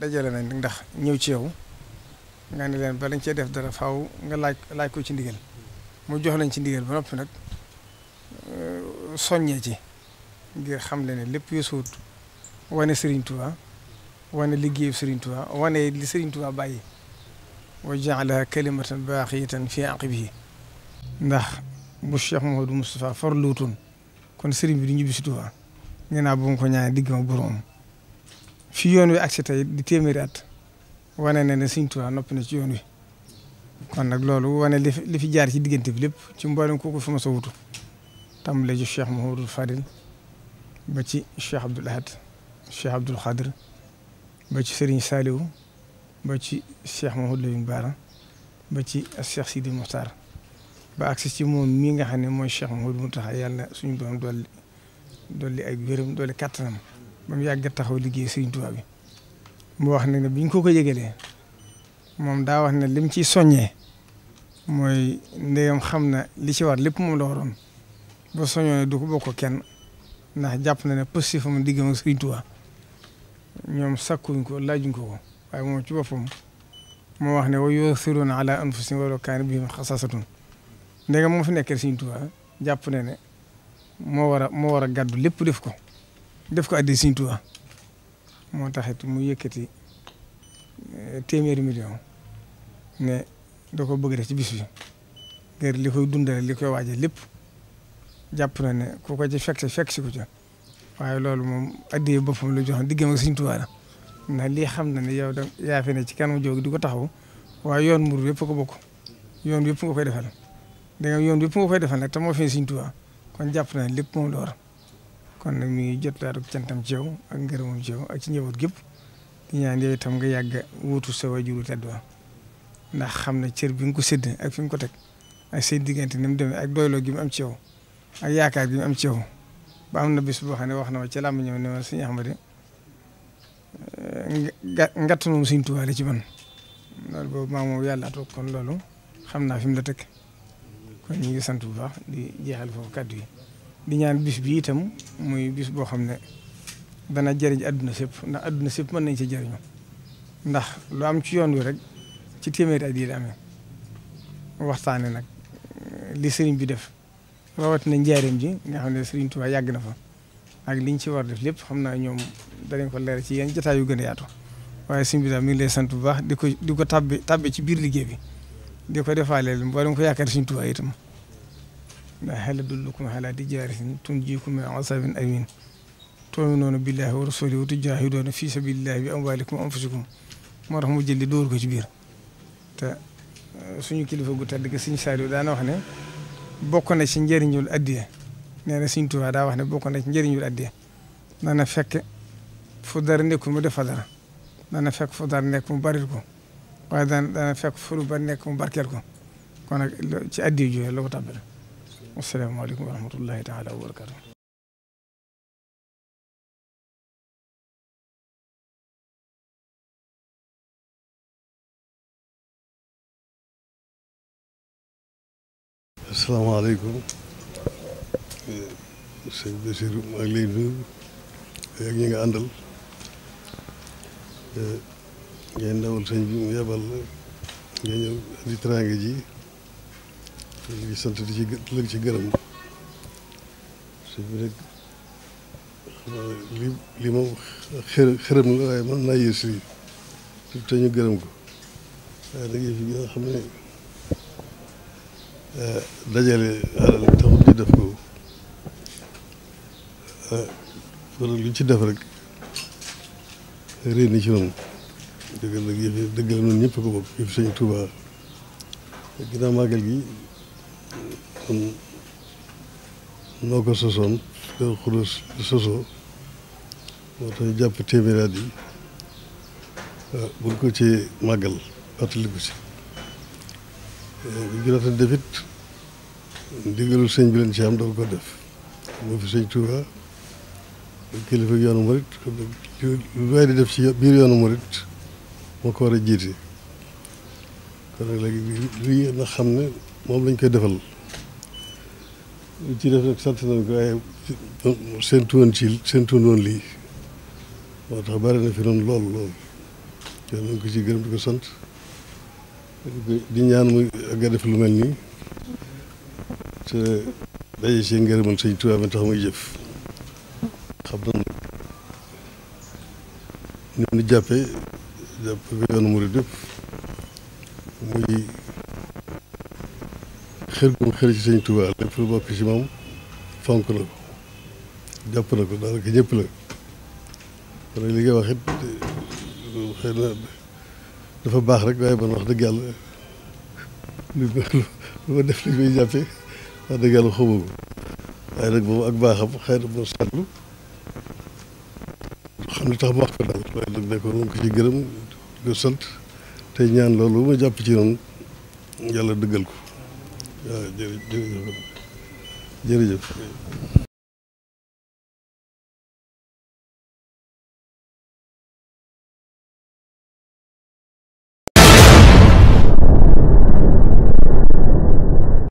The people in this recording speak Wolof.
dajale nañ ndax ñëw ci yow nga ne leen ba dañ cee def dara faw nga laaj laaj ko ci ndigal mu jox lañ ci ndigal ba noppi nag euh, soññee ci ngir xam le ne lépp yu suut wane Serigne Touba wane liggéeyu Serigne Touba wane li Serigne Touba bàyyi wa jaalaha kalimatan baaqiyatan bi yi ndax bu Cheikh Mouhamadou Moustapha farluutoon kon Serigne bi du ñibbi si Touba nee naa bu mu ko ma boroom fi yoon wi agsi tey di téeméeri at wane na ne Sëriñ Tuubaa noppi na ci yoon wi kon nag loolu wane li fi jaar ci diggante bi lépp ci mboolem kooku fi ma sa wutu tàmbale ci Cheikh Mouhamadou Fadil ba ci Cheikh Abdoul Ahad Cheikh Abdoul Khadir ba ci Serigne Saliou ba ci Cheikh Mouhamadou Lamine Bara ba ci Cheikh Sidi Mokhtar ba agsi ci moom mii nga xam ne mooy Cheikh Mouhamadou Mountakha yàlla na suñu doon dolli dolli ay wéram dolli kattanam ba mu yàgg taxaw liggéey Sëriñ Tuubaa bi mu wax ne ne biñ ko ko yëgalee moom daa wax ne lim ciy soññee mooy ndegam xam na li ci war lépp moom la waroon ba soñoo ne bokk kenn ndax jàpp na ne positif am diggam ak Sëriñ Tuubaa ñoom sakkuñ ko laaju ko ko waaye moom ci boppam moo wax ne wa yu'thiruuna ala anfusihim walaw kaana bihim xasaasatun ndegam moo fi nekkee Sëriñ Tuubaa jàpp na ne moo war a moo war a gàddu lépp def ko def ko addi Sëriñ Tuubaa moo taxit mu yëkkati eh, téeméeri million ne da ko bëgg def ci bis bi ngir li koy dundale li koy waaje lépp jàpp na ne ku ko ci fekk fekk si ko ca waaye loolu moom addi boppam la joxoon diggam ak Sëriñ Tuubaa la ndax lii xam na ne yow da yaa fi ne ci kanam jóg di ko taxaw waaye yoon mburu yëpp ko bokk yoon yëpp nga koy defal da nga yoon yëpp nga koy defal nag te moo fi Sëriñ kon jàpp na lépp moom la kon nag mi ngi jot laa dugg cantam ci yow ak ngërëmam ci yow ak ci njaboot gépp di ñaan yow itam nga yàgg wuutu sa waajuru tedd wa ndax xam na cër bi nga ko sédd ak fi nga ko teg ak seen diggante ni mu demee ak doyloo gi am ci yow ak yaakaar gi am ci yow ba am na bis boo xam ne wax na ma ci làmb ñëw ne ma sëñ Ahmadi eh, ngatt moom suñ tuwaale ci man loolu yàlla toog kon loolu xam naa fi mu la teg kon ñu ngi sant bu baax di jeexal foofu kàddu yi di ñaan bis bi itam muy bis boo xam ne dana jëriñ adduna sëpp ndax adduna sëpp mën nañ ci jëriñu ndax lu am ci yoon wi rek ci téeméeri at yii la waxtaane nag eh, li sëriñ bi def rawat na njaareem ji nga xam ne sëriñ Tuubaa yàgg na fa ak liñ ci war def lépp xam naa ñoom danañ ko leer ci yenn jotaay yu gën a yaatu waaye sëriñ bi daal mi ngi lay sant bu baax di ko di ko tàbbi tàbbi ci biir liggéey bi di ko defaaleel mboolem ko yaakaar sëriñ a itam هل دلكم على تجارة تنجيكم من عصاب أمين تؤمنون بالله ورسوله وتجاهدون في سبيل الله بأموالكم وأنفسكم مرهم جل دور كبير تا سنو كلفة قلت لك سنو سالو دانا وحنا بوكونا سنجر نجو الأدية نانا سنتو هذا وحنا بوكونا سنجر نجو الأدية نانا فك فدار نكم دفدر نانا فك فدار نكم باركم وهذا نانا فك فرو بار نكم باركم كونك أدية جوه لو تابلو asalaamaaleykum wa rahmatullahi taala wa barakatu asalaamaaleykum sëñ Basiru maa ngi lay nuyu ak ñi nga àndal ngeen ndawal sëñ bi mu yebal nga ñëw di teraanga ji ñu ngi sant di ci di ci gërëm suñ bi nag la waaye mën naa yées lii te ñu gërëm ko waaye nag yëf yi nga xam ne eh, dajale alal taxut ñu def ko wala eh, lu ci def rek réer ni ci noonu dëgg la yëf yi dëgg la noonu ñëpp ko bokk yëf Sëñ Tuubaa gi kon noo ko sosoon Daaru Xudoos sosoo moo tax jàpp téeméeri at yi waaw ko ci màggal fàttaliku si eh, bu jurata def it ndigalul sëñ bi leen ci am dafa ko def moo fi sëñ Tuuba kilifa yoonu murit lu waay di def ci biir yoonu murit moo ko war a jiite kon nag léegi lii nga xam ne moom lañ koy defal ci def nag sant nañ ko waaye séntu woon ci séntu woon lii moo tax bari na fi noonu lool lool te nañ ko ci gërëm di ko sant di ñaan mu ga def lu mel nii te daje ci ngërëmal sëñ Tuubaa mi tax muy jëf xam na nag ni mu jàppe jàppe ko yoonu murid yëpp muy xër gu mu xër ci sëñ Touba lépp lu bokk ci moom fonk na ko jàpp na ko daanaka ñëpp la kon li nga wax it xëy na dafa baax rek waaye man wax dëgg yàlla lu ma def li may jàppee wax dëgg yàlla xamoo ko waaye nag moom ak baaxam xëy na moo seetlu xam ne tax mu wax ko daal waaye nag ne ko moom ko ci gërëm ko sant te ñaan loolu ma jàpp ci noonu yàlla dëggal ko waaw jërëjëf jërëjëf